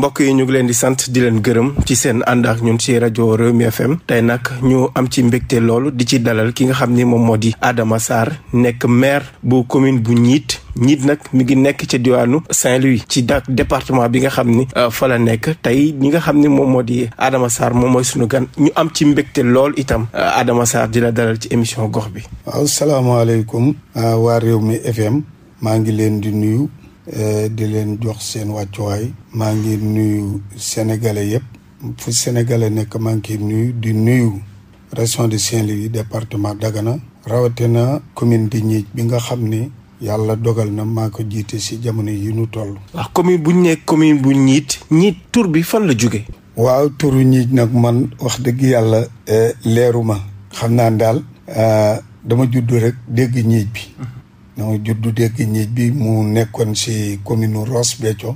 mbokk yi ñu ngi leen di sant di leen gërëm ci seen ànd ak ñun ci rajo Rewmi FM tey nag ñu am ci mbégte loolu di ci dalal ki nga xam ni moom moo di Adama Sarr nekk maire bu commune bu Niit Niit nag mi ngi nekk ca diwaanu Saint-Louis ci da département bi nga xam ni euh, fa la nekk tey ñi nga xam ni moom moo di Adama Sarr moom mooy sunu gan ñu am ci mbégte lool itam euh, Adama Sarr di la dalal ci émission gox bi. waaw salaamaaleykum euh, waa Rewmi FM maa ngi leen di nuyu. Eh, di leen jox seen wàccuwaay. maa ngi nuyu sénégalais yëpp. fu sénégalais nekk maa ngi nuyu di nuyu. région de Saint-Louis département Dagana. na commune di Gnith bi nga xam ne yàlla dogal na maa ko jiite si jamono yi nu toll. waaw commune bu ñu nekk tur bi fan la jóge waaw turu Gnith nag man wax dëgg yàlla eh, leeru ma. xam naa daal eh, dama judd rek dégg Gnith bi. Mhm. ñoo juddu dégg ñi bi mu nekkoon si commune Ross Béthio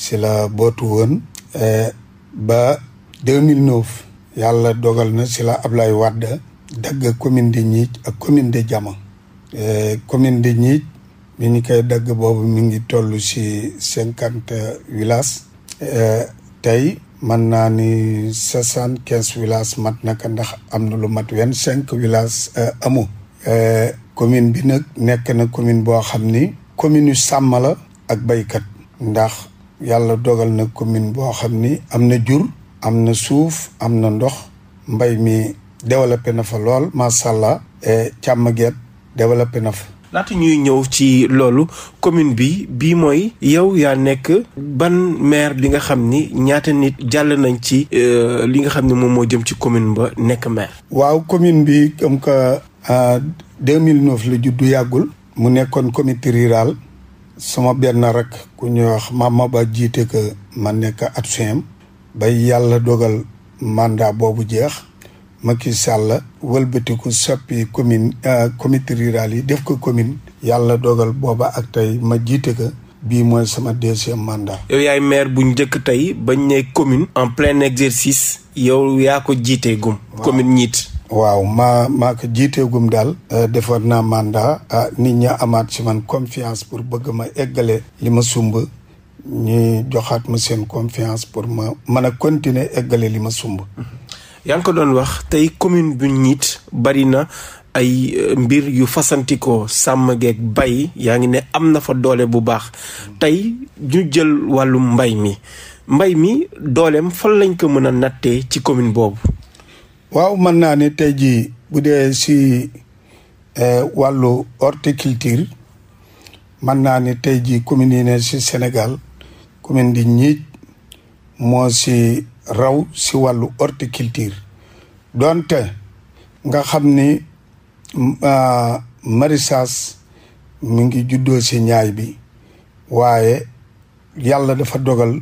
si la bootu woon e, ba 2009 yàlla dogal na si la Ablaye Wade dagg commune de Gnidj ak commune de Diama e, commune de Gnidj bi ñu koy dagg boobu mi ngi toll si cinquante villages e, tey mën naa ni soixante quinze villages mat naka ndax am na lu mat vingt cinq villages amu commune bi nag nekk na commune boo xam ni commune yu sàmmala ak baykat ndax yàlla dogal na commune boo xam ni am na jur am na suuf am na ndox mbay mi développé na fa lool macha allah e càmm geet développé na fa laata ñuy ñëw ci loolu commune bi bii mooy yow yaa nekk ban maire bi nga xam ni ñaata nit jàll nañ ci e, li nga xam ne moom moo jëm ci commune ba nekk maire waaw commune bi comme que 2009 euh, la juddu yàggul mu nekkoon comité rural sama benn rak ku ñuy wax Mama Ba jiite que ma nekk at suim bay yàlla dogal mandat boobu jeex Macky Sall wëlbatiku soppi commune euh, comité rural yi def ko commune yàlla dogal booba ak tey ma jiite ko bii mooy sama deuxième mandat yow yaay maire bu njëkk tey bañ ne commune en plein exercice yow yaa ko jiitee gum commune ñiit waaw maa maa ko jiiteegum daal euh, defoon naa mandat euh, nit ña amaat ci man confiance pour bëgg ma eggale li ma sumb ñu joxaat ma seen confiance pour ma mën a continuer eggale li ma sumb mm-hmm. yaa ngi ko doon wax tey commune bu ñiit bari na ay euh, mbir yu fasantikoo sàmm geeg bay yaa ngi ne am na fa doole bu baax mm-hmm. tey ñu jël wàllum mbay mi mbay mi doolem fan lañ ko mën a nattee ci commune boobu waaw mën naa ni tey jii bu dee si eh, wàllu horticulture mën naa ni tey jii communes yi ne si Sénégal commune di Gnith moo si raw si wàllu horticulture donte nga xam ni ah, maraîchage mi ngi juddoo si ñaay bi waaye yàlla dafa dogal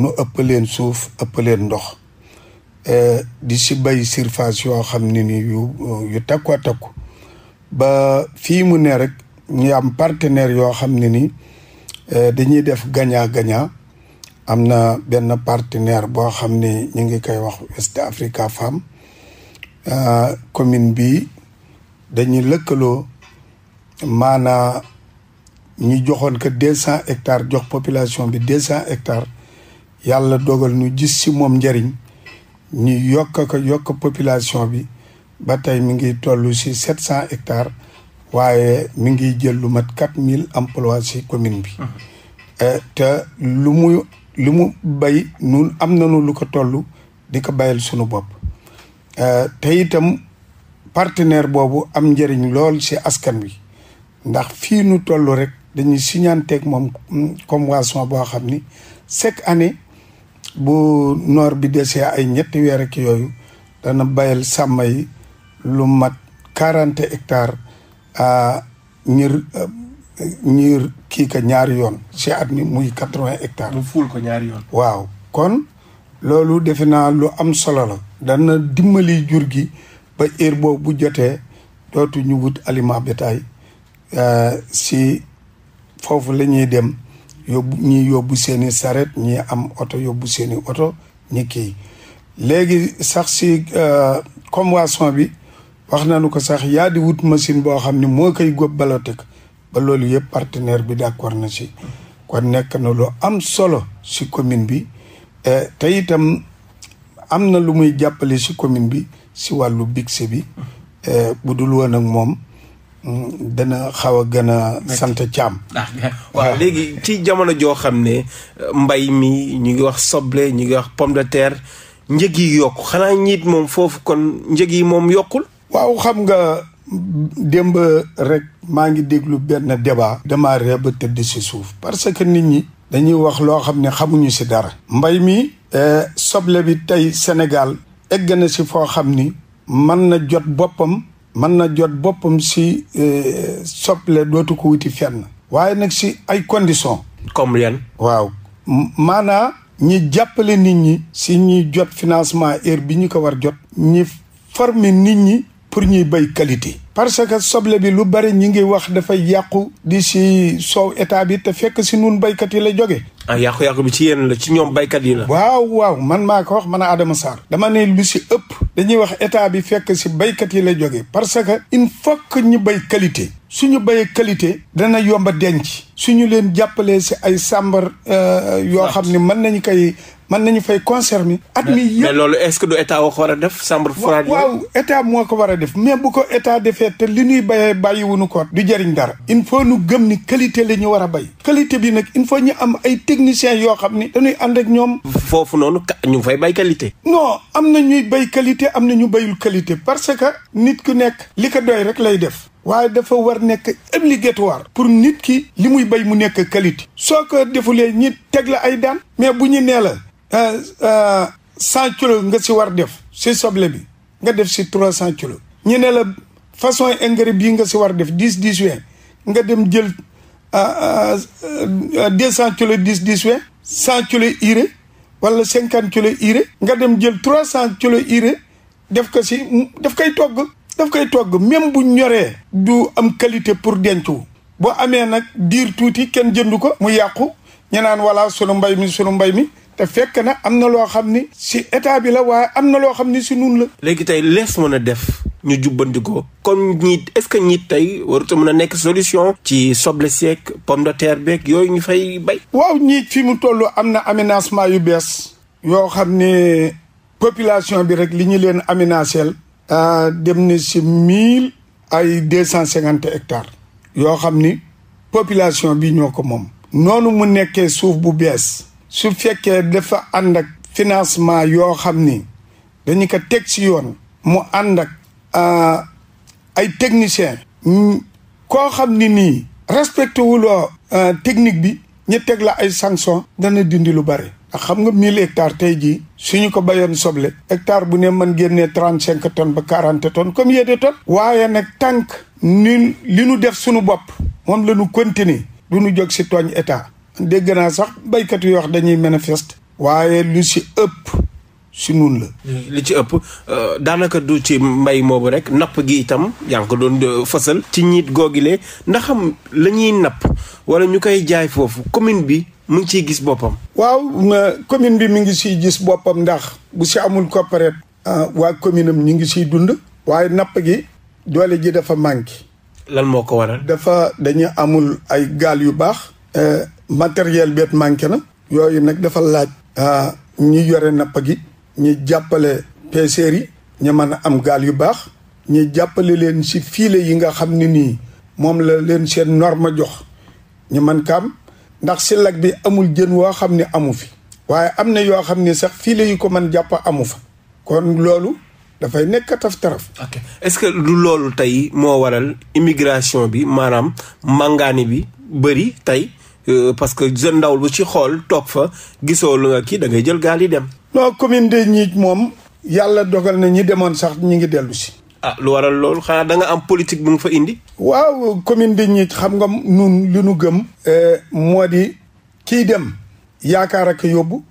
nu ëpp leen suuf ëpp leen ndox Eh, di si bay surface yoo xam ne ni yu yu takku a ba fii mu ne rek ñu am partenaire yoo xam ne ni eh, dañuy def gagnant gagnant am na benn partenaire boo xam ne ñu ngi koy wax West Africa Farm eh, commune bi dañuy lëkkaloo maanaa ñu joxoon ko deux cent hectares jox population bi des cent hectares yàlla dogal ñu gis si moom njëriñ ñu yokk ko yokk population bi ba tey mi ngi tollu si sept cent hectares waaye mi ngi jël lu mat quatre mille emplois si commune bi. Mhm. Eh, te lu mu lu mu bay nun am nañu lu ko tollu di ko bayal sunu bopp. Eh, te itam partenaire boobu am njëriñ lool si askan wi ndax fii nu toll rek dañuy signanteeg moom mm, convention boo xam ni chaque année. bu noor bi desee ay ñetti weer ak yooyu dana bayal sàmm lu mat quarante hectares à ñir ñir euh, kii ka ñaari yoon si at mi muy quatre-vingts hectares. mu ko ñaari yoon. waaw kon loolu defe naa lu am solo la. dana dimbali jur gi ba heure boobu bu jotee dootu ñu wut aliment bétail euh, si foofu la ñuy dem. yóbbu ñi yóbbu seeni saret ñi am oto yóbbu seeni oto ñi kii léegi sax si euh, convention bi wax nañu ko sax yaa di wut machine boo xam ne moo koy góob balotek ba loolu yëpp partenaire bi d'accord na si kon nekk na lu am solo si commune bi e, te itam am na lu muy jàppale si commune bi si wàllu bigse bi e, bu dul woon ak moom dana xaw a gën a sant caam ah, waaw léegi ci jamono joo xam ne euh, mbay mi ñu ngi wax soble ñu ngi wax pomme de terre njëg yi yokk xanaa ñiit moom foofu kon njëg yi moom yokkul waaw xam nga démb rek maa ngi déglu benn débat dama reeb tëdd si suuf parce que nit ñi dañuy wax loo xam ne xamuñu si dara mbay mi euh, soble bi tey Sénégal egg na si foo xam ni man na jot boppam mën na jot boppam si eh, soble dootu ko wuti fenn. waaye nag si ay conditions. comme yan. waaw maanaa ñi jàppale nit ñi. si ñuy jot financement heure bi ñu ko war jot. ñi formi nit ñi pour ñuy béy qualité. parce que soble bi lu bari ñi ngi wax dafay yàqu di si soow état bi te fekk si nun béykat yi la jóge ah yàqu-yàqu bi ci yéen la ci ñoom béykat yi la. waaw waaw man maa ko wax man a Adama Sarr. dama ne lu si ëpp. dañuy wax état bi fekk si béykat yi la joge parce que il faut ñu bay qualité. suñu bayee qualité dana yomba denc suñu leen jàppalee si ay sàmbar euh, yoo xam ne mën nañu koy mën nañu fay concert mi at mi yëpp est-ce que du état ko war a def chambre froide waaw état moo ko war a def mais bu ko état defee te li ñuy béyee bàyyiwuñu ko du jëriñ dara il faut nu gëm ni qualité la ñu war a béy qualité bi nag il ñu am ay techniciens yoo xam ni dañuy ànd ñoom foofu noonu ñu fay bay qualité non am na ñuy béy qualité am na ñu bayul qualité parce que nit ku nekk li ko doy rek lay def waaye dafa war nekk obligatoire pour nit ki li muy bay mu nekk qualité soo ko defulee ñi teg la ay daan mais bu ñu nee la Euh, euh, cent kilos nga si war def si soble bi nga def si trois cent kilos ñu ne la façon engrais bii nga si war def dix dix vingt nga dem jël euh, deux cent kilos dix dix vingt cent kilos urée wala cinquante kilos urée nga dem jël trois cent kilos urée def ko si daf koy togg daf kay togg même bu ñoree du am qualité pour denc wu boo amee nag diir tuuti kenn jëndu ko mu yàqu ñu naan wala sunu mbay mi sunu mbay mi te fekk na am na loo xam ni si état bi la waaye am na loo xam ni si nun la léegi tey lees mën a def ñu jubbanti ko comme ñi est-ce que ñi tey warut a mën a nekk solution ci soble seeg pomme de terre beeg yooyu ñu fay bay waaw ñi fi mu toll am na aménagement yu bees yoo xam ne population bi rek li ñu leen aménagel euh, dem na si mille ay deux cent cinquante hectares yoo xam ni population bi ñoo ko moom noonu mu nekkee suuf bu bees su fekkee dafa ànd ak financement yoo xam ni dañu ko teg ci yoon mu ànd ak euh, ay technicien koo xam ni nii respecté wuloo euh, technique bi ñu teg la ay sanction dana dindi lu bari ndax xam nga mille hectares tey jii suñu ko bayoon soble hectare bu ne man génnee trente cinq tonnes ba quarante tonnes comme yéede tonnes waaye nag tànk ni li nu def suñu bopp moom la ñu continuer lu nu jóg si tooñ état dégg naa sax béykat yi wax dañuy manifeste waaye lu si ëpp si nun la. li ci ëpp euh, daanaka du ci mbay moobu rek napp gi itam yaa ngi ko doon euh, fësal. ci ñiit googile ndax xam la ñuy napp wala ñu koy jaay foofu commune bi mu ngi ciy gis boppam. waaw commune bi mi ngi siy gis boppam ndax bu si amul coopérative. Ah, waa commune am ñu ngi siy dund. waaye napp gi doole ji dafa manqué. lan moo ko waral. dafa dañu amul ay gaal yu baax. Euh, matériel beet manqué na yooyu nag dafa laaj ñi yore napp gi ñi jàppale pêcheurs yi ñu mën a am gaal yu baax ñi jàppale leen si fiile yi nga xam ne nii moom la leen seen norme jox ñu mën kaam ndax si lag bi amul jën woo xam ne amu fi waaye am na yoo xam ne sax fiile yi ko man jàpp amu fa kon loolu dafay nekk taraf ok est-ce que lu loolu tey moo waral immigration bi maanaam màngaani bi bëri tey Euh, parce que jeune ndaw lu ci xool toog fa gisoo lu nga kii da ngay jël gaal yi dem. non commune de Niith moom. yàlla dogal na ñi demoon sax ñi ngi dellu si. ah lu waral loolu xanaa da nga am politique bu nga fa indi. waaw commune de Niith xam nga nun lu nu gëm. Euh, moo di kiy dem. yaakaar ak yóbbu.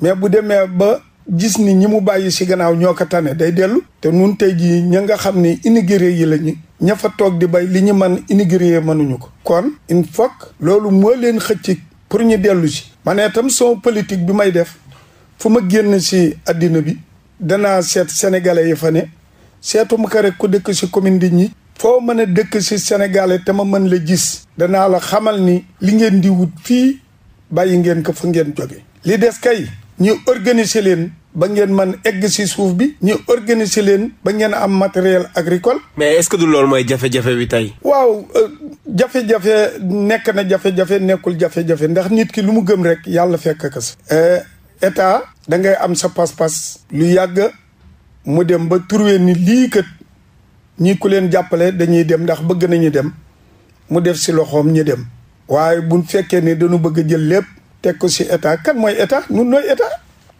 mais bu demee ba gis ni ñi mu bàyyi si gannaaw ñoo ko tane day dellu te nun tey jii ña nga xam ni immigré yi lañu ña fa toog di bay li ñu man immigré mënuñu ko kon il faut loolu moo leen xëcc pour ñu dellu si ma ne tam son politique bi may def fu ma génn si àddina bi danaa seet sénégalais yi fa ne seetum ko rek ku dëkk si commune di ñi foo mën a dëkk si sénégalais te ma mën la gis danaa la xamal ni li ngeen di wut fii bàyyi ngeen ko fa ngeen jóge li des kay ñu organiser leen ba ngeen man egg si suuf bi ñu organiser leen ba ngeen am matériel agricole mais est-ce que du loolu mooy jafe-jafe bi tey waaw euh, jafe-jafe nekk na jafe-jafe nekkul jafe-jafe ndax nit ki lu mu gëm rek yàlla fekk ka si euh, état da ngay am sa pas-pas lu yàgg mu dem ba trouver ni lii kat ñi ku leen jàppale dañuy dem ndax bëgg nañu dem mu def si loxoom ñu dem waaye bu fekkee ne dañu bëgg jël lépp teg ko si état kan mooy état ñun nooy état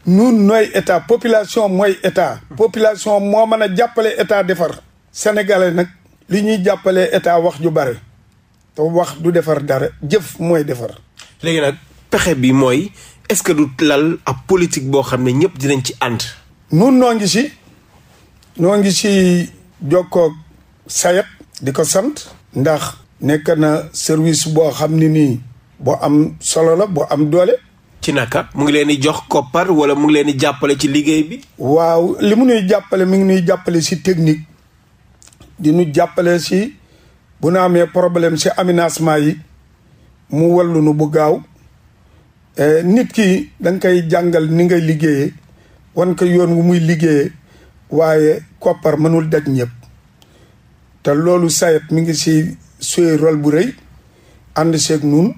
ñun nooy état population mooy état population moo mën a jàppale état defar sénégalais nag li ñuy jàppale état wax ju bare te wax du defar dara jëf mooy defar léegi nag pexe bi mooy est-ce que du lal ab politique boo xam ne ñëpp dinañ ci ànd nun noo ngi si noo ngi si jokkoo sayet di ko sant ndax nekk na service boo xam ne nii boo am solo la bu am doole. ci naka mu ngi leen di jox koppar wala mu ngi leen di jàppale ci liggéey bi. waaw li mu nuy jàppale mi ngi nuy jàppale si technique di nu jàppale si bu nu amee problème si aménagement yi mu wallu nu bu gaaw eh, nit ki danga koy jàngal ni ngay liggéeye wan ko yoon wu muy liggéeyee waaye koppar mënul daj ñëpp te loolu sayet mi ngi si suy rôle bu rëy ànd seeg nun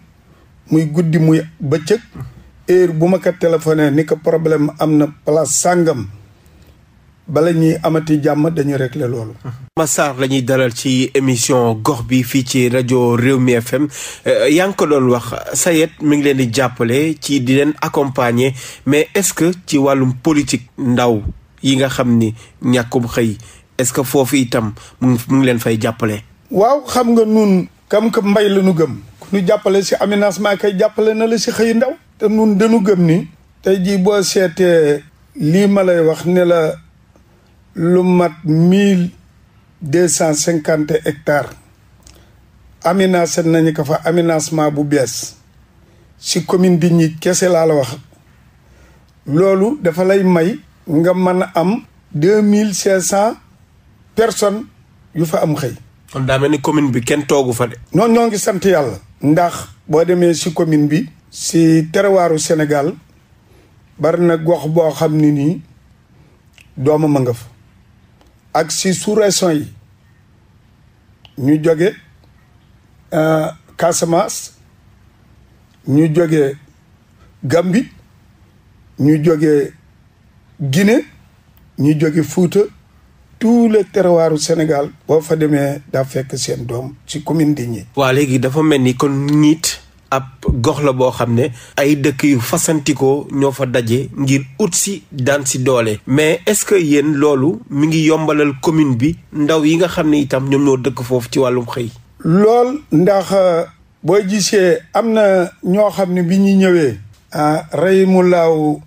muy guddi muy bëccëg heure bu ma téléphone téléphoné ni ko problème am na place sàngam bala ñuy amati jàmm dañu réglé loolu. Massar la lañuy dalal ci émission gox bi fii ci rajo mi FM euh, yaa ngi ko doon wax Sayed mi ngi leen di jàppale ci di leen accompagner mais est-ce que ci wàllum politique ndaw yi nga xam ni ñàkkum xëy est-ce que foofu itam mu ngi leen fay jàppale. waaw xam nga nun kam ka mbay lanu gëm. nu jàppale si aménagement kay jàppale na la si xëy ndaw te nun dañu gëm ni tey jii boo seetee lii ma lay wax ne la lu mat mille deux cent cinquante hectares aménagé nañu ko fa aménagement bu bees si commune bi ñi kese laa la wax loolu dafa lay may nga mën a am deux mille cinq cent personnes yu fa am xëy kon daa mel ni commune bi kenn toogu fa de. non ñoo ngi sant yàlla. ndax boo demee si commune bi. si terroiru Sénégal bari na gox boo xam ni nii doomu ma nga ak si sous-région yi ñu jóge euh, Casamance ñu jóge gambi ñu jóge Guinée ñu jóge Fuuta tout le terroir du Sénégal boo fa demee daa fekk seen doom ci commune di ñi waa léegi dafa mel ni kon ñiit ab gox la boo xam ne ay dëkk yu fasantikoo ñoo fa daje ngir ut si daan si doole mais est-ce que yéen loolu mi ngi yombalal commune bi ndaw yi nga xam ne itam ñoom ñoo dëkk foofu ci wàllu xëy lool ndax euh, boo gisee am na ñoo xam ne bi ñu ñëwee rey mu laaw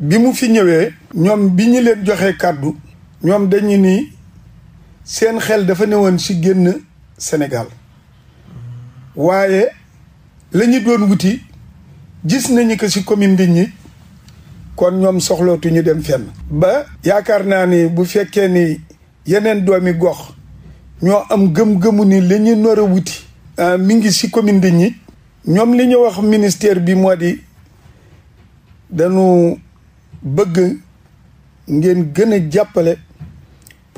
bi mu fi ñëwee ñoom bi ñu leen joxe kàddu ñoom dañu ni seen xel dafa newoon ci génn senegal waaye lañu doon wuti gis nañu ko ci commune bi ñi kon ñoom soxlootu ñu dem fenn ba yaakaar naa ni bu fekkee ni yeneen doomi gox ñoo am gëm-gëmu ni la ñu nar wuti euh, mi ngi ci commune bi ñi ñoom li ñu wax ministère bi moo di dañu bëgg ngeen gën a jàppale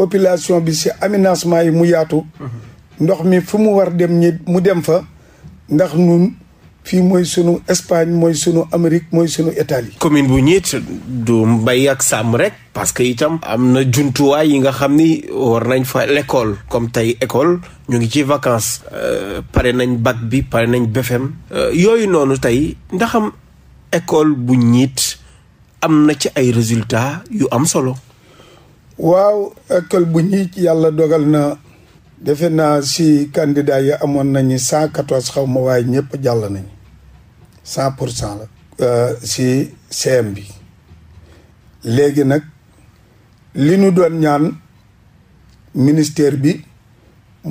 population bi si aménagement yi mu yaatu. ndox mi fu mu war dem ñi mu dem fa ndax ñun fii mooy sunu Espagne mooy sunu Amérique mooy sunu Italie. commune bu ñiit du mbay ak sàmm rek parce que itam am na jumtuwaay yi nga xam ni war nañ fa l'école comme tey école ñu ngi ci vacances. Euh, pare nañ bac bi pare nañ BFEM. Euh, yooyu noonu tey ndaxam école bu ñiit am na ci ay résultat yu am solo. waaw kël bu ñi yàlla dogal na defe naa si candidat yi amoon nañu cent quatorze xaw ma waaye ñëpp jàll nañu cent pour cent la euh, si CM bi léegi nag li nu doon ñaan ministère bi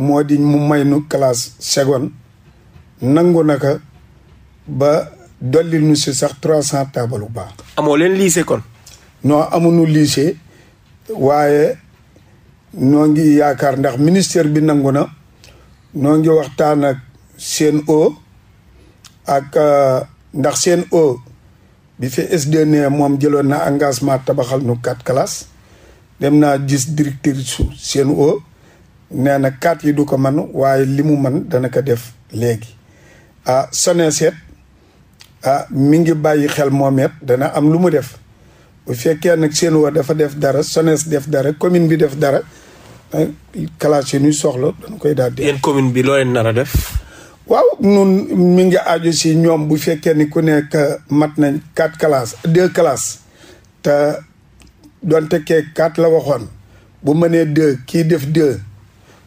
moo di mu may nu classe seconde nangu naka ba dolli nu si sax trois cent table bu baax amoo leen lycée kon non amuñu lycée waaye noo ngi yaakaar ndax ministère bi nangu na noo ngi waxtaan ak o ak euh, ndax CNO bi fi SDE ne moom jëloon na engagement tabaxal nu quatre classes dem naa gis directeur su CNO nee na quatre yi du ko man waaye li mu man dana ko def léegi ah SONESED ah mi ngi bàyyi xel moom dana am lu mu def bu fekkee nag seen wa dafa def dara SONES def dara commune bi def dara eh, classe yi ñuy soxla dañu koy daal di. yéen commune bi loo leen def. waaw nun ngi aju ñoom bu fekkee ni ku nekk mat nañ quatre classes deux classes te donte kee quatre la waxoon bu mënee deux kii def deux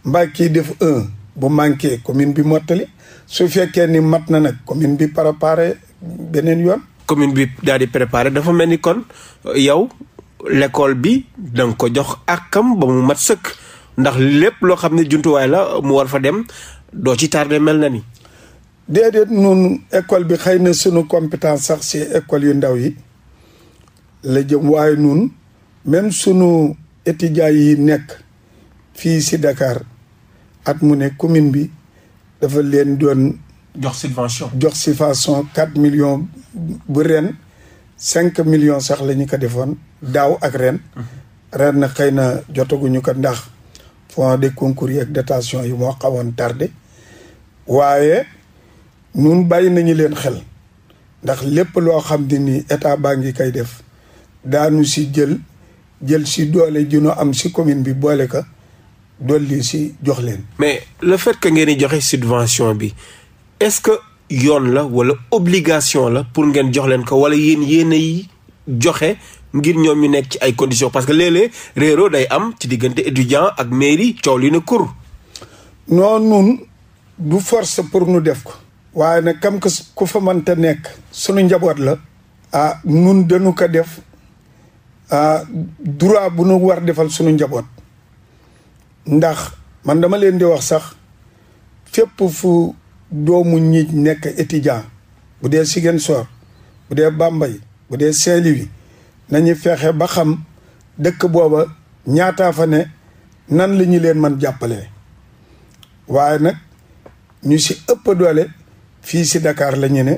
mbaa kii def un bu manqué commune bi mottali su fekkee ni mat na nag commune bi préparé beneen yoon. commune bi daal di préparé dafa mel kon yow l'école bi da jox àkkam ba mu mat sëkk ndax lépp loo xam ne jumtuwaay la mu war dem doo ci tardé mel na ni. déedéet nun école bi xëy na sunu compétence sax si école yu ndaw yi la jëm waaye nun même sunu étudiants yi nekk fii si Dakar at mu ne commune bi dafa leen doon jox subvention. jox subvention 4 millions bu ren 5 millions sax lañu ko defoon daaw ak ren. Mm-hmm. ren na xëy na jotaguñu ko ndax fonds de concours yi ak dotation yi moo xawoon tardé waaye nun bàyyi nañu leen xel ndax lépp loo xam ne ni état baa ngi koy def daanu si jël jël si doole ju ñu am si commune bi boole ko dolli si jox leen. mais le fait ngeen di joxe subvention bi. est-ce que yoon la wala obligation la pour ngeen jox leen ko wala yéen yéen ay joxe ngir ñoom ñu nekk ci ay conditions parce que léeg-léeg réeroo day am ci diggante étudiant ak mairie coow li na kur. noo nun du force pour nu def ko. waaye nag kam ku fa mënta nekk. sunu njaboot la. ah nun danu ko def ah droit bu nu war defal sunu njaboot ndax man dama leen di wax sax fépp fu. doomu ñi nekk étudiant bu dee Ziguinchor bu dee Bambey bu dee Saint-Louis nañu fexe ba xam dëkk booba ñaata fa ne nan lañu leen man jàppalee waaye nag ñu si ëpp doole fii si Dakar la ñu ne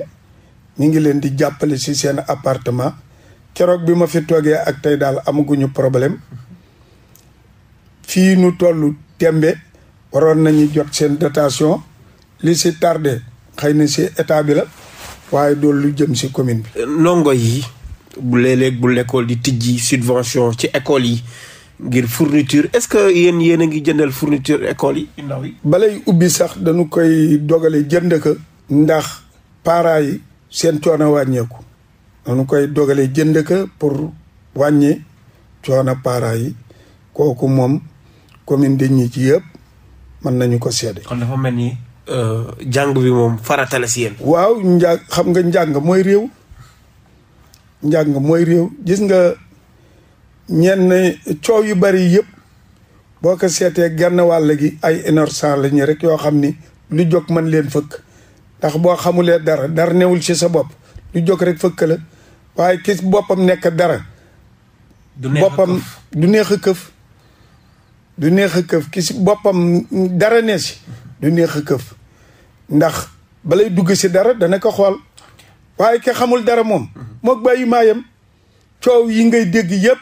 ñu ngi leen di jàppale si seen appartement keroog bi ma fi toogee ak tey daal amaguñu problème fii nu tollu tembe waroon nañu jot seen dotation li si tarde xëy na si état bi la waaye doolu lu jëm si commune bi. ndongo yi bu léeg-léeg bu lekkool di tijji subvention ci école yi ngir fourniture est-ce que yéen yéen a ngi jëndal fourniture école yi ndaw yi. balay ubbi sax dañu koy dogale jënd ndax parents yi seen coono wàññeeku. danu koy dogale jënd pour wàññi coono parents yi kooku moom commune de ñi ci yëpp mën nañu ko seede. kon dafa mel ni Euh, jàng bi moom faratale si yéen. waaw njàng xam nga njàng mooy réew njàng mooy réew gis nga ñenn coow yu bari yëpp boo ko seetee genn wàll gi ay innocent la ñu rek yoo xam ni lu jog mën leen fëkk ndax boo xamulee dara dara newul ci sa bopp lu jóg rek fëkk la waaye kis boppam nekk dara. du neex boppam du neex a këf. du neex a këf kis boppam dara ne si. du neex a këf ndax balay dugg si dara dana ko xool waaye ke xamul dara moom moo bàyyi maayam coow yi ngay dégg yëpp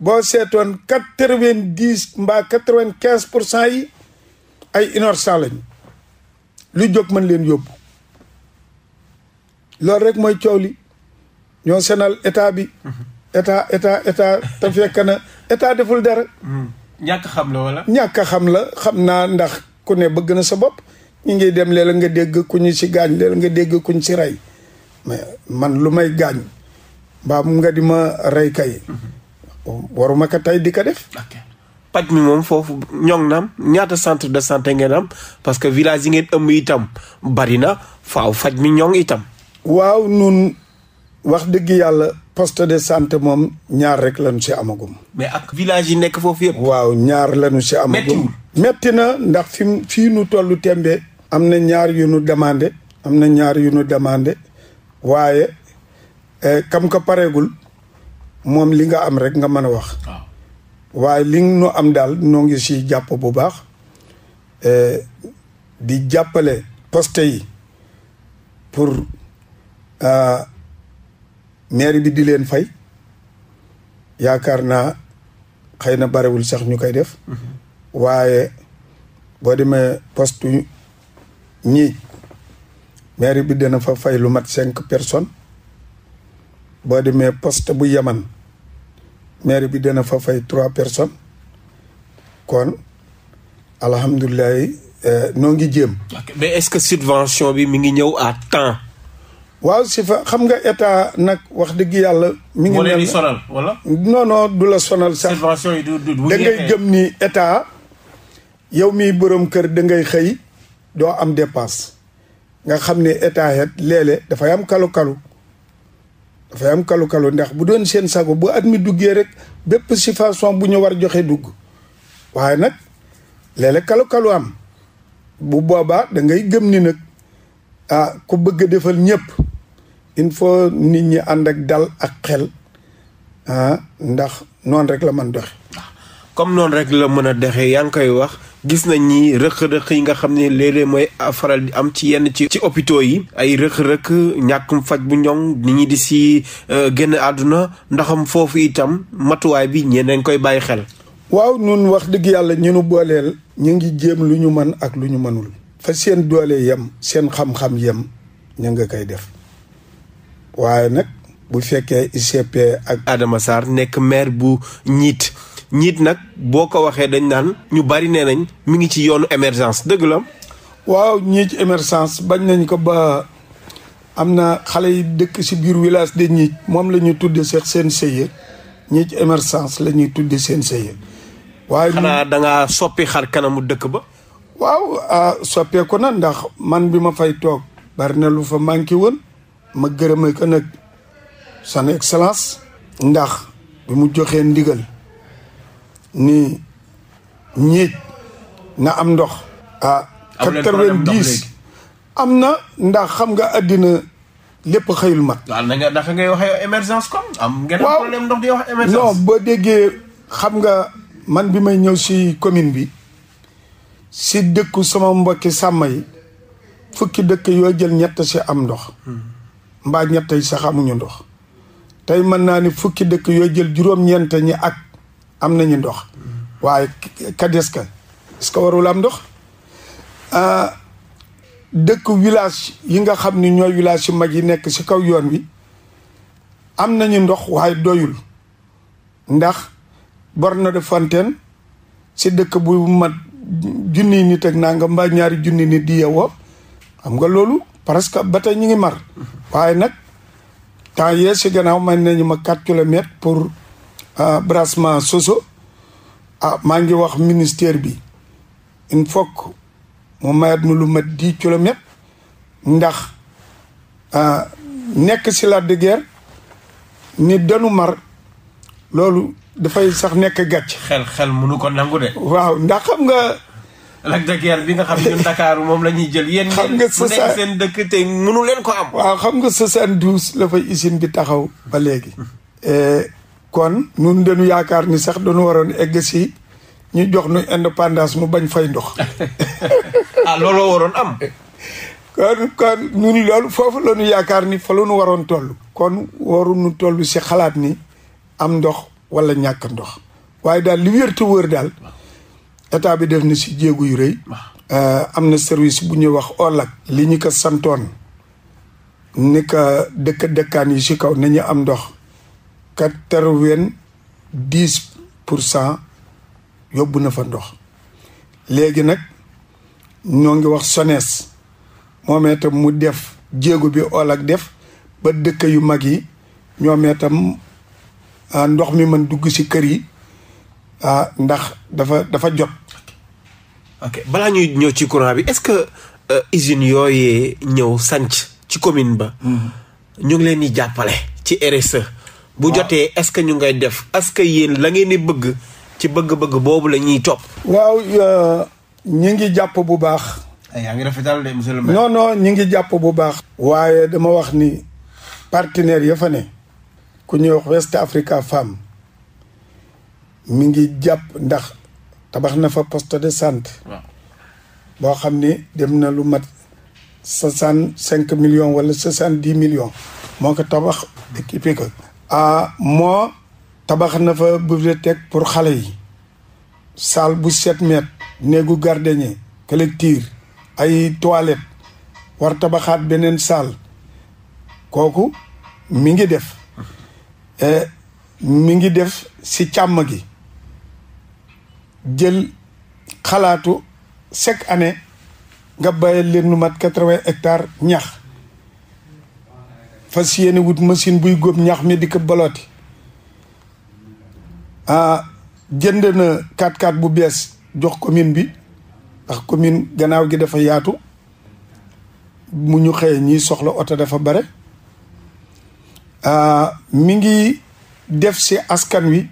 boo seetoon quatre vingt dix mbaa quatre vingt quinze pour cent yi ay innocent lañu lu jóg man leen yóbbu loolu rek mooy coow li ñoo senal état bi état état état te na état deful dara ñàkk xam la wala ñàkk xam la xam naa ndax ku ne bëgg na sa bopp ñu ngi dem léeg nga dégg ku ñu ci gaañ léeg nga dégg kuñ si ci rey mais man lu may gaañ mbaa nga di ma rey kay waruma ko tey di ko def. paj mi moom foofu ñoŋ nam ñaata centre de sante ngeen am parce que village yi ngeen ëmb itam bari na faaw faj mi ñoŋ itam. waaw nun wax dëgg yàlla poste de santé moom ñaar rek lañu ci amagum. mais ak village yi nekk foofu yëpp. waaw ñaar lañu si amagum metti na ndax fi fii nu tollu tembe am na ñaar yu nu demandé am na ñaar yu nu demandé waaye eh, kam ko pareegul moom li nga am rek nga mën a wax. Ah. waaye li nu am daal noo ngi ci jàpp bu baax eh, di jàppale poste yi pour. Ah, maire bi di leen fay yaakaar naa xëy na barewul sax ñu koy def waaye boo demee post ñii maire bi dina fa fay lu mat cinq personnes boo demee poste bu yaman maire bi dina fa fay trois personnes kon alhamdulilah eh, noo ngi jéem. mais est-ce que subvention bi mi ngi ñëw à temps. waaw si fa xam nga état nag wax dëgg yàlla. mi ngi mel ni wala. non du la sonal sax. subvention yi du du ngay gëm ni état yow mii borom kër dangay xëy doo am dépense nga xam ne état it léeg dafay am kalu-kalu dafay am kalu-kalu ndax bu doon seen sago bu at mi duggee rek bépp subvention bu ñu war joxe dugg waaye nag léeg-léeg kalu am bu boobaa dangay ngay gëm ni nag ah ku bëgg defal ñëpp. il faut nit ñi ànd ak dal ak xel ah ndax noonu rek la mën doxe comme noonu rek la mën a doxee yaa ngi koy wax gis nañ ni rëq-rëq yi nga xam ne léeg-léeg mooy faral di am ci yenn ci ci hôpitaux yi ay rëq-rëq ñàkkum faj bu ñoŋ nit ñi di si euh, génn àdduna ndaxam foofu itam matuwaay bi ñeen dañ koy bàyyi xel waaw ñun wax dëgg yàlla ñu nu booleel ñu ngi jéem lu ñu mën ak lu ñu mënul fa seen doole yem seen xam-xam yem ñu nga koy def waaye nag bu fekkee ICP ak. Adama Sarr nekk maire bu ñiit ñiit nag boo ko waxee dañ naan ñu bari nee nañ mu ngi ci yoonu émergence dëgg la. waaw ñiit émergence bañ nañ ko ba am na xale yi dëkk si biir village de ñiit moom lañuy ñu tuddee sax seen sëye ñiit émergence la ñuy tuddee seen sëye. waaye xanaa danga soppi xar kanamu dëkk ba. waaw ah, soppeeku na ndax man bi ma fay toog bari na lu fa manqué woon. ma gërëme ko nag son excellence ndax bi mu joxee ndigal ni ñiit na am ndox ah quatre-vingt-dix am na ndax xam nga àddina lépp xëyul mat waaw na nga naka ngay waxee émergence kon am ngeen problème ndox wax émergence non boo déggee xam nga man bi may ñëw si commune bi si dëkku sama mbokki sàmm yi fukki dëkk yoo jël ñett si am ndox hmm. mbaa ñett yi sax amuñu ndox tey mën naa ni fukki dëkk yoo jël juróom-ñeent ñi ak am nañu ndox waaye kades ka est-ce warul am ndox euh, dëkk village yi nga xam ni ñooy village yu mag yi nekk ci kaw yoon wi am nañu ndox waaye doyul ndax borne de fontaine ci dëkk bu mat junniy nit ak nangam mbaa ñaari junni nit di yeewoo xam nga loolu parce que ba tey ñu ngi mar waaye nag temps yee si gannaaw may ñu ma quatre kilomètres pour euh, brassement soso ah maa ngi wax ministère bi il faut que mu mayat nu lu mat dix kilomètres ndax euh, nekk si la de guerre ni danu mar loolu dafay sax nekk gàcc xel xel mënu ko nangu de waaw ndax xam nga la de Guiers nga xam ñun Dakar moom la ñuy jël yéen xam nga mu nekk dëkk te mënu leen ko am waaw xam nga soixante-douze la fa usine bi taxaw ba léegi eh, kon nun dañu yaakaar ni sax dañu waroon egg si ñu jox nu indépendance nu bañ fay ndox ah looloo waroon am kon kon ñun loolu foofu la ñu yaakaar ni fa la ñu waroon toll kon waruñu toll si xalaat ni am ndox wala ñàkk ndox waaye daal li wér te wër daal état bi def na si jéegu yu rëy. Euh, am na service bu ñuy wax OLAC. li ñu ko santoon ni ka dëkk dëkkaan yi si kaw nañu am ndox quatre-vingt-dix pour cent yóbbu na fa ndox léegi nag ñoo ngi wax SONES moom itam mu def jéegu bi OLAC def ba dëkk yu mag yi ñoom itam euh, ndox mi mën dugg si kër yi. Ah, ndax dafa dafa jot. ok balaa ñuy ñëw ci courant bi est-ce que euh, usines yooyee ñëw sanc ci commune ba. Mm-hmm. ñu ngi leen di jàppale ci RSE. bu jotee est-ce que ñu ngay def est-ce que yéen la ngeen di bëgg ci bëgg-bëgg boobu la ñuy topp. waaw ñi ngi jàpp bu baax. Eh, yaa ngi rafetal de monsieur le maire. non non ngi jàpp bu baax. waaye dama wax ni partenaires ya fa ne ku ñuy wax West Africa Femme. mi ngi jàpp ndax tabax na fa poste de santé. boo xam ne dem na lu mat soixante cinq millions wala soixante dix millions moo ko tabax équipé ko. ah moo tabax na fa bibliothèque pour xale yi salle bu sept mètres néegu gardien collecteur ay toilettes war tabaxaat beneen salle kooku mi ngi def eh, mi ngi def si càmm gi. jël xalaatu chaque année nga bay leen lu mat quatre-vingts hectares ñax fas yéene wut machine buy góob ñax mi di ko bolooti ah jënd na 4 x bu bees jox commune bi ndax commune gannaaw gi dafa yaatu mu ñu xëyee ñiy soxla oto dafa bare ah, mi ngi def si askan wi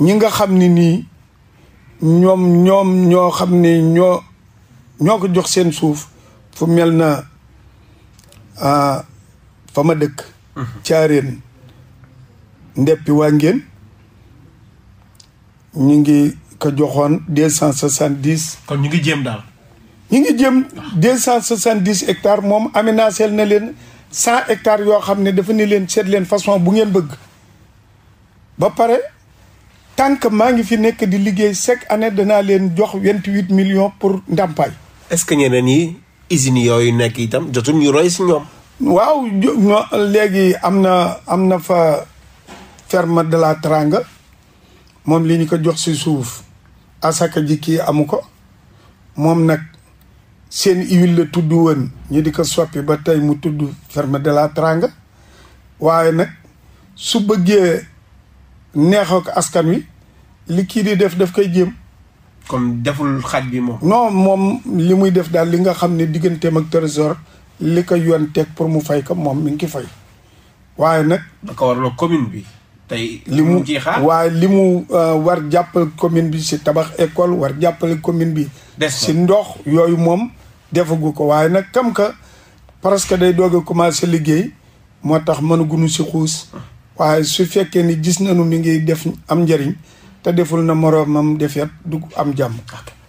ñi nga xam ne nii ñoom ñoom ñoo xam ne ñoo ñoo ko jox seen suuf fu mel na fa ma dëkk mhm. caareen ndeppi waa ngeen ñu ngi ko joxoon deux cent soixante dix kon ñu ngi jéem daal ñu ngi jéem deux cent soixante dix hectares moom aménagé na leen cent hectares yoo xam ne dafa ne leen seet leen façon bu ngeen bëgg ba pare tant que maa ngi fi nekk di liggéey chaque année danaa leen jox vingt-huit millions pour ndàmpaay. est-ce que ñeneen yi usines yooyu nekk itam jotu ñu roy si ñoom. waaw léegi am na am na fa ferme de la Teranga moom li ñu ko jox si suuf asaka ji kii amu ko moom nag seen huile la tudd woon ñu di ko soppi ba tey mu tudd ferme de la Teranga waaye nag su bëggee neexoo ko askan wi li kii di def def koy jéem. comme deful xaj bi moom. non moom li muy def daal li nga xam ne digganteem ak trésor li ko yoon teg pour mu fay ko moom mi ngi ki fay waaye nag. da ko bi. tey li mu ciy xaar waaye li mu euh, war jàppale commune bi si tabax école war jàppale commune bi. si ndox yooyu moom defagu ko waaye nag kam ka presque day doog a commencé liggéey moo tax mënaguñu si xuus. waaye su fekkee ni gis nañu mi ngi def am njëriñ te deful na moroomam def yat du am jàmm.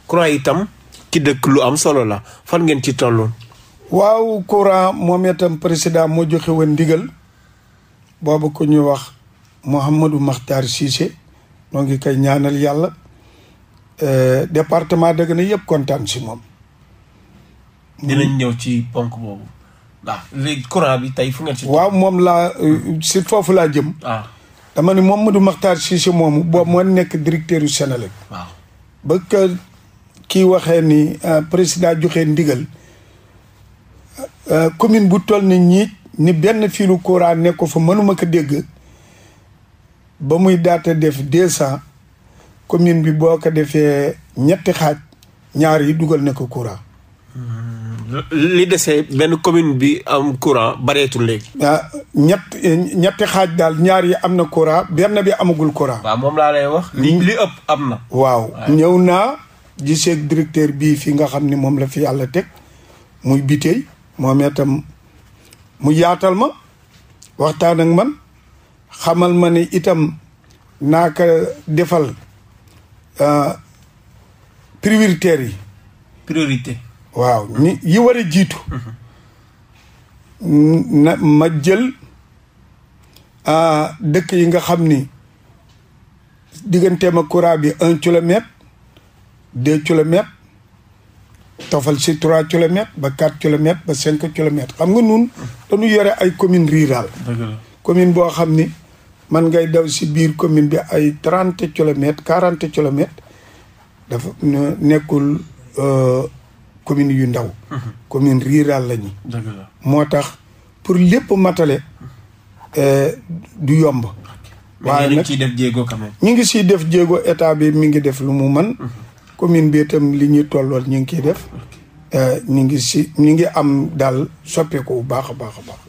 courant itam ci dëkk lu am solo la fan ngeen ci tolloon. waaw courant moom itam président moo joxe woon ndigal boobu ko ñuy wax Mouhamadou Makhtar Cissé noo ngi koy ñaanal yàlla euh, département dëgg na yëpp kontaan si moom. dinañ ñëw ci ponk boobu. waaw léegi courant bi tey fu si. waaw moom laa euh, si foofu laa jëm. waaw ah. dama ne moom Modou Makhtar Cissé moomu boobu moo nekk directeur yu Senelec. waaw ba kii waxee ni euh, président joxe ndigal euh, commune bu toll ni ñii ni benn fiilu courant nekk ko fa mënuma ko dégg ba muy daata def deux cent commune bi boo ko defee ñetti xaaj ñaar yi dugal na ko courant. Hmm. li dese benn commune bi am courant bareetul léegi. ah xaaj daal ñaar yi am na courant benn bi amagul courant. waaw moom laa wax. li mm. li ëpp am na. waaw ñëw naa gisee directeur bii fi nga xam ni moom la fi yàlla teg muy Biteye moom itam mu yaatal ma waxtaan ak man xamal ma ni itam naa ka defal euh, prioritaire yi. priorité. waaw ni yi war a jiitu ma jël dëkk yi nga xam ni digganteem ak courant bi un kilomètre deux kilomètres tofal si trois kilomètres ba quatre kilomètres ba cinq kilomètres xam nga nun dañu yore ay commune rurale commune boo xam ni man ngay daw si biir commune bi ay trente kilomètres quarante kilomètres dafa nekkul euh, communes yu ndaw. commune rurale la ñi moo tax pour lépp matale euh, du yomb. waaye nag ciy def jéego quand ñu ngi si def jéego état bi mi ngi def lu mu man mhm. commune bi itam li ñuy tollool ñu ngi ciy def. Euh, ñu ngi si ñu ngi am daal soppeeku bu baax a baax baax.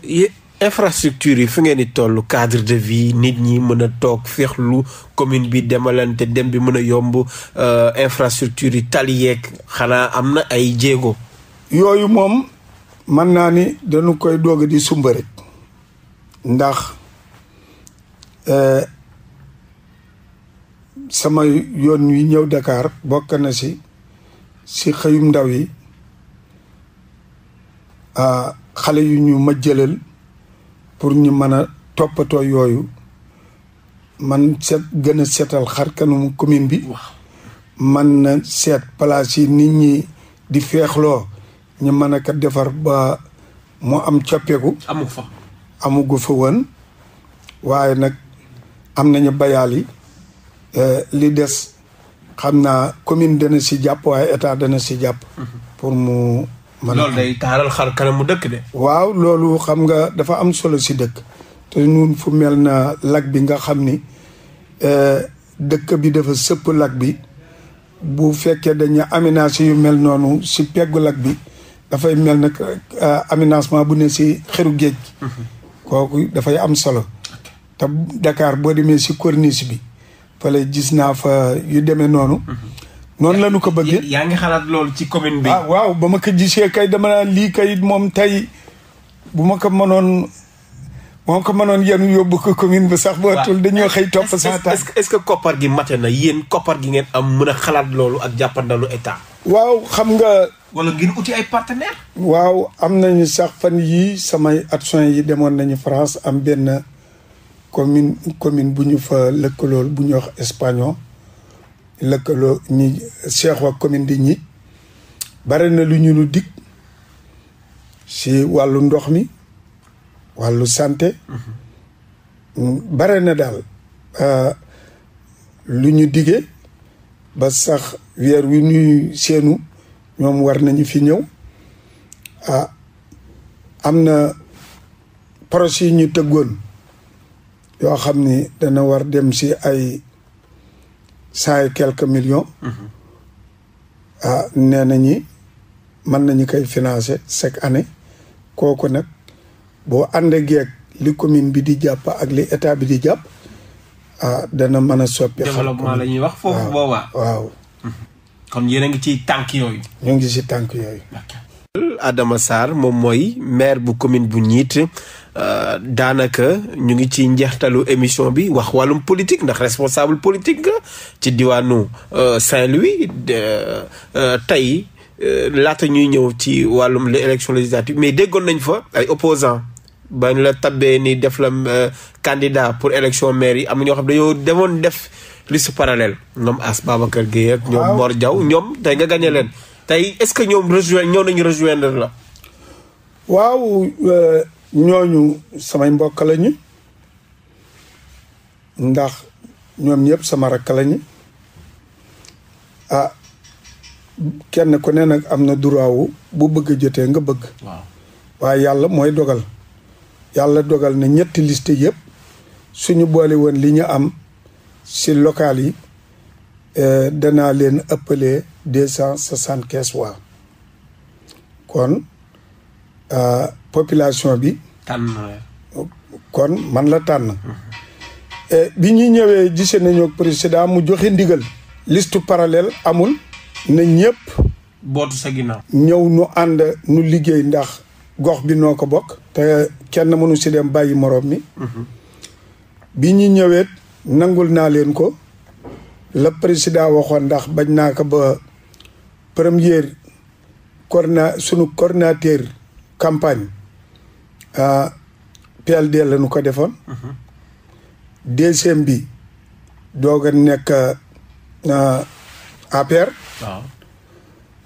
infrastructure yi fi ngeen di tollu cadre de vie nit ñi mën a toog féexlu commune bi demalante dem bi mën a yomb euh, infrastructure yi tali yeeg xanaa am na ay jéego. yooyu moom mën naa ni danu koy doog di sumb ndax euh, sama yoon wi ñëw Dakar bokk na si si xëyum ndaw yi euh, xale yu ñu ma jëlal pour ñu mën a toppatoo yooyu man set gën a seetal xar kanamu commune bi man na seet place yi nit ñi di feexloo ñu mën a kat defar ba mu am coppeeku amu fa amugu fa woon waaye nag am nañu bayaal yi eh, li des xam naa commune dana si jàpp waaye état dana si jàpp mhm. pour mu loolu day taaral xar mu dëkk de. waaw loolu xam nga dafa am solo si dëkk te ñun fu mel na lag bi nga xam ni euh, dëkk bi dafa sëpp lag bi bu fekkee dañu aménagé yu mel noonu si peggu lag bi dafay mel nag euh, aménagement bu ne si xeru géej mhm. kooku dafay am solo te Dakar boo demee si corniche bi fële gis naa fa yu demee noonu. Mhm. noonu la ñu ko bëggee yaa ngi xalaat loolu ci commune bi. Ah, waaw ba ma ko gisee kay dama naan lii kay moom tey bu ma ko mënoon moo ko mënoon yenu yóbbu ko commune bi sax. waaw bootul dañoo xëy topp sa taal. est-ce que koppar gi mate na yéen koppar gi ngeen am mën a loolu ak jàppandalu état. waaw xam nga. wala ngeen uti ay partenaires. waaw am nañu sax fan yii samay action yi demoon nañu France am benn commune commune bu ñu fa lëkkalool bu ñu wax espagnol. lëkkaloo ñi Cheikh wa commune di ñi bare na lu ñu nu dig si wàllu ndox mi wàllu santé bare na daal euh, lu ñu digee ba sax weer wi nuy seenu ñoom war nañu fi ñëw ah am na projet yi ñu tëggoon yoo xam ni dana war dem si ay cent quelque million millions mm-hmm. ah nee na ñi mën nañu koy financé chaque année kooku nag boo ànd geeg li commune bi di jàpp ak li état bi di jàpp ah dana mën a soppi développement wax foofu boobaa waaw mm-hmm. kon yéen a ngi ci tànk yooyu ñoo ngi ci tànk yooyu Adama Sarr moom mooy maire bu commune bu Gnitte Euh, daanaka ñu ngi ci njeextalu émission bi wax wàllum politique ndax responsable politique ci diwaanu euh, Saint-Louis euh, tey laata ñuy ñëw ci wàllum les élections mais déggoon nañ fa ay opposants ba ñu la tabbee ni def la candidat pour élection maire yi am na ñoo xam dañoo demoon def liste parallèle noom ass Babacar Guèye ak ñoom Mor Diaw ñoom tey nga gagné leen tey est-ce que ñoom rejoindre ñoo nañu rejoindre la waaw ñooñu samay mbokk lañu ndax ñoom ñëpp sama rakk lañu ah kenn ku ne nag am na duraawu bu bëgg jotee nga bëgg. waaye yàlla mooy dogal. yàlla dogal na ñetti liste yëpp suñu boole woon li ñu am si local yi eh, danaa leen ëppalee deux cent soixante quinze voix kon. Ah, population bi. tànn kon man la tànn. Eh, bi ñuy ñëwee gisee nañu ak président mu joxe ndigal. liste parallèle amul. na ñëpp. bootu sa ñëw nu ànd nu liggéey ndax gox bi noo ko bokk. te kenn mënu si dem bàyyi moroom mi. Mhm. bi ñu ñëwee nangul naa leen ko. la président waxoon ndax bañ naa ko ba première corna sunu coordinateur campagne. Euh, PLD la ñu ko defoon. Mhm. deuxième bi dooga a nekk euh, APR. waaw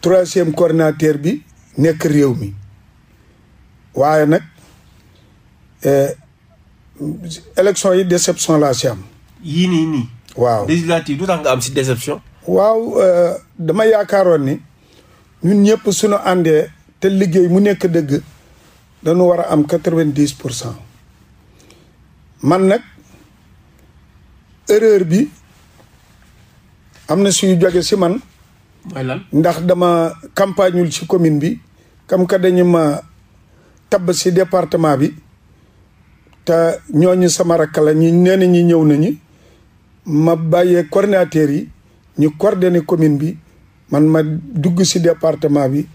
troisième coordinateur bi nekk réew mi waaye nag euh, élection yi déception laa si am. yii nii nii. waaw législative du tax nga am si déception. waaw dama yaakaaroon ni ñun ñëpp suñu àndee te liggéey mu nekk dëgg. dañu war a am quatre-vingt-dix pour cent man nag erreur bi am na suñu jóge si man. mooy lan ndax dama campagneul ci commune bi kam ka dañu ma tabb si département bi te ñooñu sama rakk la ñi nee na ñi ñëw nañu ma bàyyee coordinateur yi ñu coordonné commune bi man ma dugg si département bi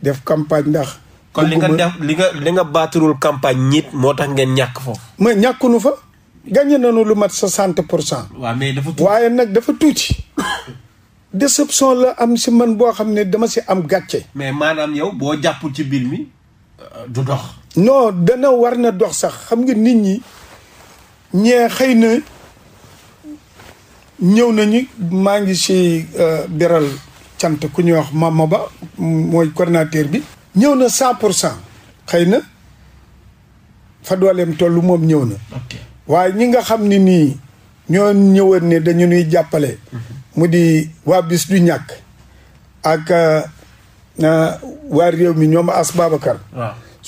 def campagne ndax. kon li nga li nga li nga baaturul campagne ñit moo tax ngeen ñàkk foofu. mais ñàkkunu fa. gagné noo lu mat 60 pour cent. waaw mais dafa waaye nag dafa tuuti. déception la am si man boo xam ne dama si am gàcce. mais maanaam yow boo jàppul ci biir mi euh, du dox. non dana war na dox sax xam nga nit ñi ñee xëy na ñëw nañu maa ngi si euh, beral cant ku ñuy wax Mama Ba mooy coordinateur bi. ñëw na cent pour cent xëy na fa dooleem toll moom ñëw na waaye ñi nga xam ne nii ñoo ñëwoon ne dañu nuy jàppale mu di waa bis du ñàkk ak euh, waa réew mi ñoom as Babacar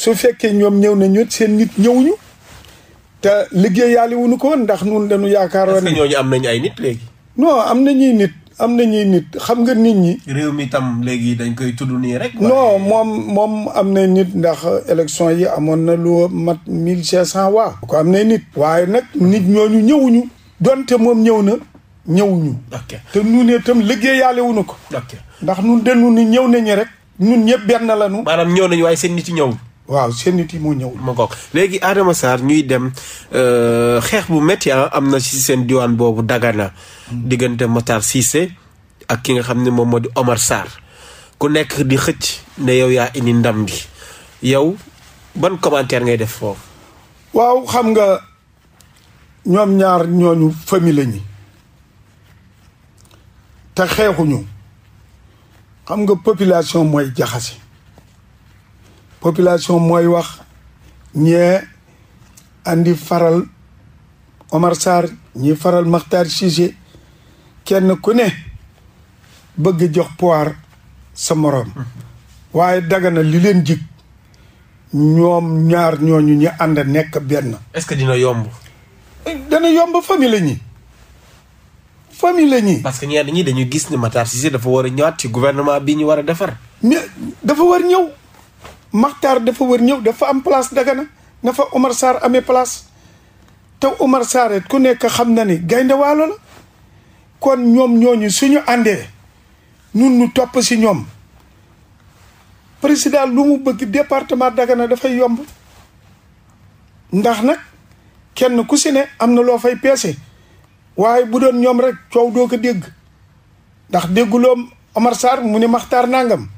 su fekkee ñoom ñëw na ñu seen nit ñëwuñu te liggéey yaali wuñu ko ndax nun dañu yakaar ñooñu am nañ nit léegi am na ñuy nit am na ñuy nit xam nga nit ñi. réew mi tam léegi dañ koy tudd nii rek. non moom moom am na nit ndax élection yi amoon na lu mat mille cinq cent waa. ko am na nit. waaye nag nit ñooñu ñëwuñu. donte moom ñëw na ñëwuñu. ok te nu ne itam liggéeyaale wuñu ko. ok ndax nun de nu ñëw nañu rek. ñun ñëpp benn lañu. maanaam ñëw nañu waaye seen nit ñëw. waaw seen nit yi moo ñëwul. ma ngoog léegi Adama Sarr ñuy dem euh, xeex bu métti ah, am na ci seen diwaan boobu Dagana. Mm. diggante Matar Cissé ak ki nga xam ne moom moo di Omar Sarr ku nekk di xëcc ne yow yaa indi ndam bi yow ban commentaire ngay def foofu. waaw xam nga ñoom ñaar ñooñu famille lañu te xeexuñu xam nga population mooy jaxase. population mooy wax ñee andi faral Omar ñi faral Makhtar Cissé kenn ku ne bëgg jox pouvoir sa moroom waaye Dagana li leen jig ñoom ñaar ñoo ñu ñu ànd nekk benn. est-ce que dina yomb. dana yomb famille la ñi famille la ñi. parce que ñenn ñi dañuy gis ni Makhtar Cissé dafa war a ñëwaat ci gouvernement bi ñu war a defar. mais dafa war ñëw. Maxtaar dafa wër ñëw dafa am place Dagana na fa Omar Sarr amee place te Omar Sarr ku nekk xam na ni gaynde waalo la kon ñoom ñooñu suñu àndee nun ñu topp si ñoom président lu mu bëgg département Dagana dafay yomb ndax nag kenn ku si ne am na loo fay peese waaye bu doon ñoom rek coow doo ko dégg ndax dégguloo Omar Sarr mu ne Maxtaar nangam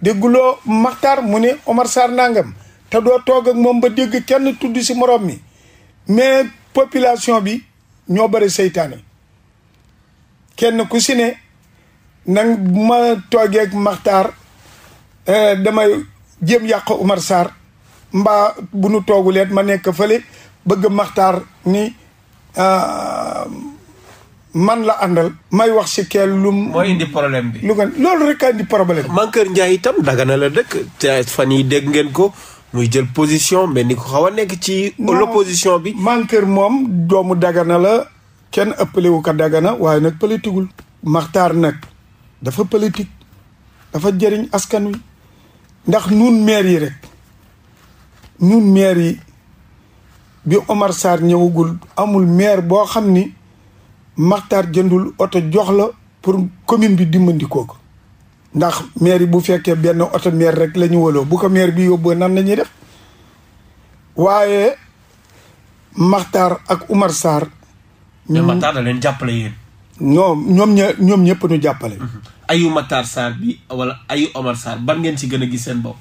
dégguloo Maxtaar mu ne Omar nangam te doo toog ak moom ba dégg kenn tudd si morom mi mais population bi ñoo bari seytaane kenn ku si ne nang ma toogee ak eh, damay jéem yàq Omar mba bu nu tooguleet ma nekk fële bëgg Maxtaar ni ah, man la àndal may wax si keel lu moo indi problème bi loolu rek a indi problème Mankeur Ndiaye itam dagana la dëkk te fan yi dégg ngeen ko muy jël position mais ni ko xaw a nekk ci l'opposition bi Mankeur moom doomu dagana la kenn ëppalewu dagana waaye nag politigul Maxtaar nag dafa politique dafa jëriñ askan wi ndax nun maire yi rek nun maire yi bi Omar Sarr ñëwagul amul maire boo xam ni Maxtaar jëndul oto jox la pour commune bi dimbandikoo ko ndax maire bu fekkee benn oto maire rek la ñu woloo maire bi yóbboo nan la ñuy def waaye maxtar ak Umar Sarr. mais Maxtaar leen jàppale yéen. non ñoom ñoom ñëpp ñu jàppale. Mhm. ayu Maxtaar Sarr bi wala ayu Umar Sarr ban ngeen ci gën a gis seen bopp.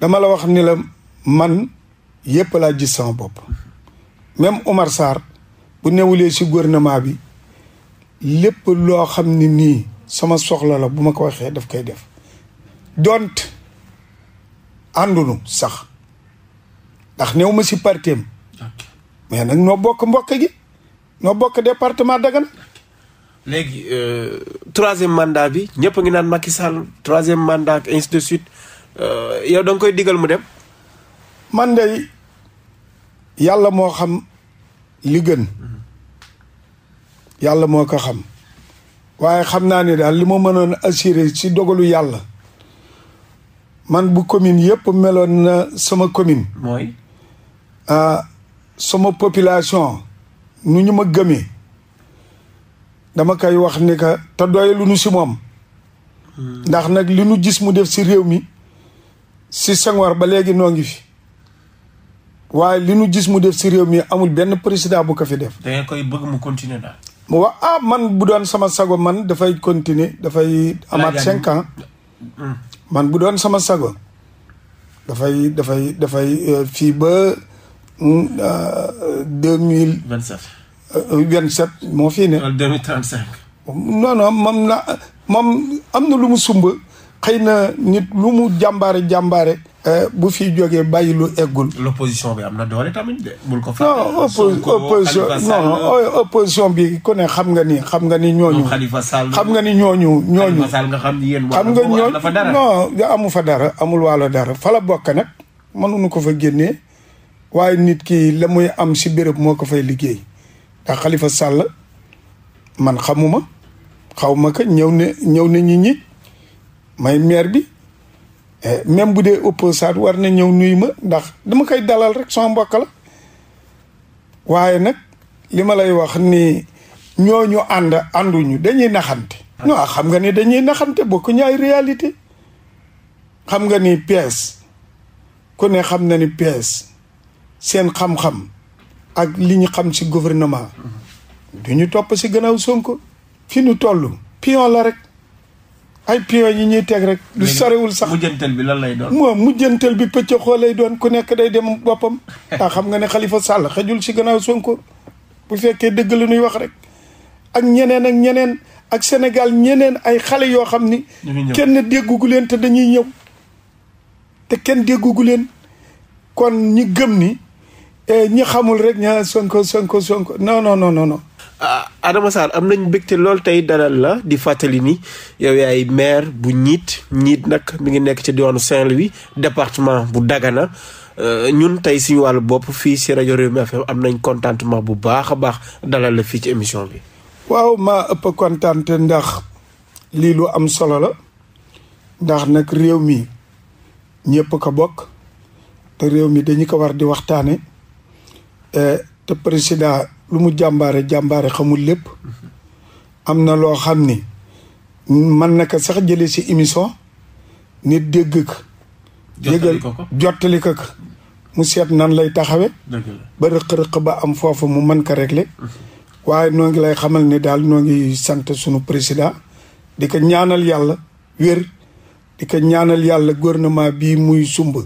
dama la wax ni la man yëpp laa gis sama bopp mhm. même Umar Sarr bu newulee ci gouvernement bi. lépp loo xam ne nii sama soxla la bu ma ko waxee daf koy def dont àndunu sax ndax néew ma si parteem mais nag noo bokk mbokk gi noo bokk département Dagana léegi euh, troisième mandat bi ñëpp a ngi naan Macky Sall troisième mandat ak ainsi de euh, da nga koy digal mu dem man de yàlla moo xam li gën mhm. yàlla moo ko xam waaye xam naa ne daal li ma mënoon assuré si dogalu yàlla man bu commune yëpp meloon na sama commune. mooy. ah sama population nu ñu ma gëme dama koy wax ni que te doy lu nu si moom. Hmm. ndax nag li nu gis mu def si réew mi si Senghor ba léegi noo ngi fi. waaye li nu gis mu def si réew mi amul benn président bu ko fi def. da ngeen koy mu wax ah man bu doon sama sago man dafay continue dafay amaat cinq ans hmm. man bu doon sama sago dafay dafay dafay euh, fii ba hmm, euh, deux mille vingt sept euh, moo fii ne non non na la moom am na lu mu sumb xëy na nit lu mu jàmbaare jàmbaare. Eh, bu fi jógee bàyyi lu eggul. l' bi am na doole tamit bul ko fàtte bi ku xam nga ni xam nga ni ñooñu. xam nga ni ñooñu ñooñu. nga xam ni yéen xam nga ñooñu non amu fa dara amul waalo dara fa la bokk nag mënuñu ko fa génne waaye nit ki la muy am si béréb moo ko fa liggéey ndax xalifa Sall man xamuma xaw ma ko ñëw ne ñëw ne ñi ñi. may maire bi eh, même bu dee opposant war na ñëw nuyu ma ndax dama koy dalal rek sama mbokk la waaye nag li ma lay wax ni ñooñu ànd ànduñu dañuy naxante non xam nga ni dañuy naxante bokkuñu ay réalité xam nga ni pièce ku ne xam na ni pièce seen xam-xam ak li ñu xam si gouvernement du ñu topp si gannaaw Sonko fi ñu toll pion la rek ay pion yi ñuy teg rek. lu sorewul sax mujjantal bi lan lay doon. moom mujjantal bi pëcc xoo lay doon ku nekk day dem boppam. ah xam nga ne Khalifa Sall xajul si a Sonko bu fekkee dëgg la ñuy wax rek ak ñeneen ak ñeneen ak senegal ñeneen ay xale yoo xam ni. kenn déggugu leen te dañuy ñëw. te kenn déggugu leen kon ñi gëm ni eh, ñi xamul rek ña Sonko Sonko Sonko non non non non. Ah, Adama Sarr am nañ mbégte lool tey dalal la di fàttali ni yow yaay maire bu ñiit ñiit nag mi ngi nekk ci diwaanu Saint-Louis département bu Dagana euh, ñun tey suñu wàllu bopp fii si rajo Rewmi FM am nañ contentement bu baax a baax dalal la fii ci émission bi. waaw ma ëpp kontante ndax lii lu am solo la ndax nag réew mi ñëpp ko bokk te réew mi dañu ko war di waxtaane euh, te président. lu mu jàmbaare jàmbaare xamul lépp am na loo xam ni man naka sax jële si émission nit dégg ko jégal jottali ka mu seet nan lay taxawe ba rëq-rëq ba am foofu mu mën ko régler waaye noo ngi lay xamal ni daal noo ngi sant sunu président di ko ñaanal yàlla wér di ko ñaanal yàlla gouvernement bii muy sumb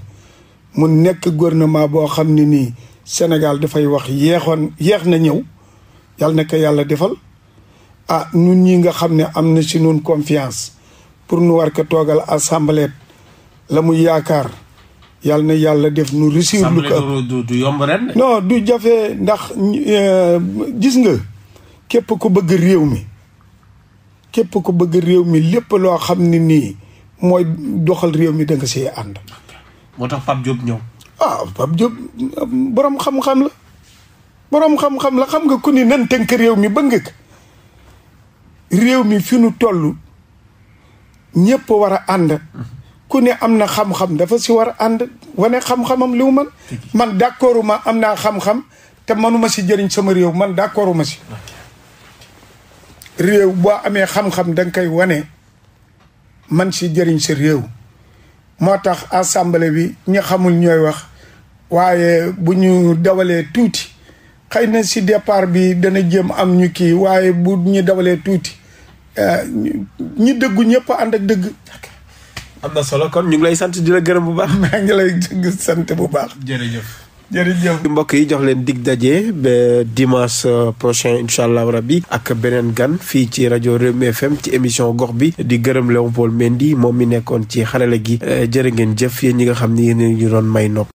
mu nekk gouvernement boo xam ne nii Sénégal dafay wax yeexoon yeex na ñëw yàlla na ko yàlla defal a ah, ñun ñi nga xam ne am na si nun confiance pour nu war ko toogal assemblée la muy yaakaar yàlla na yàlla def nu réussir lu ko du yomb ren du jafe ndax euh, gis nga képp ko bëgg réew mi képp ko bëgg réew mi lépp loo xam ne nii mooy doxal réew mi da nga see ànd moo tax Pape Diop ñëw ah Pape Diop borom xam-xam la borom xam-xam la xam nga ku ni nan tënk réew mi bëgg nga réew mi fi nu toll ñëpp war a ànd ku ne am na xam-xam dafa si war a ànd wane xam-xamam li mu man man ma am naa xam-xam te manuma si jëriñ sama réew man d'accordu ma si réew boo amee xam-xam danga koy wane man si jëriñ sa réew moo tax assemblée bi ñi xamul ñooy wax waaye bu ñu dawalee tuuti xëy na si départ bi dana jëm am ñu kii waaye bu ñu dawalee tuuti eh, ñu dëggu ñëpp ànd ak dëgg. am na solo kon ñu ngi lay sant di gërëm bu baax. maa ngi sant bu baax. jërëjëf. jërëjëf mbokk yi jox leen dig daje ba dimanche euh, prochain incha allah rabi ak beneen gan fii ci rajo Rewmi FM ci émission gox bi di gërëm Léopold Mendy moom mi nekkoon ci xarala gi euh, jërë ngeen jëf yéen ñi nga xam ni yéen ñu doon may nopp.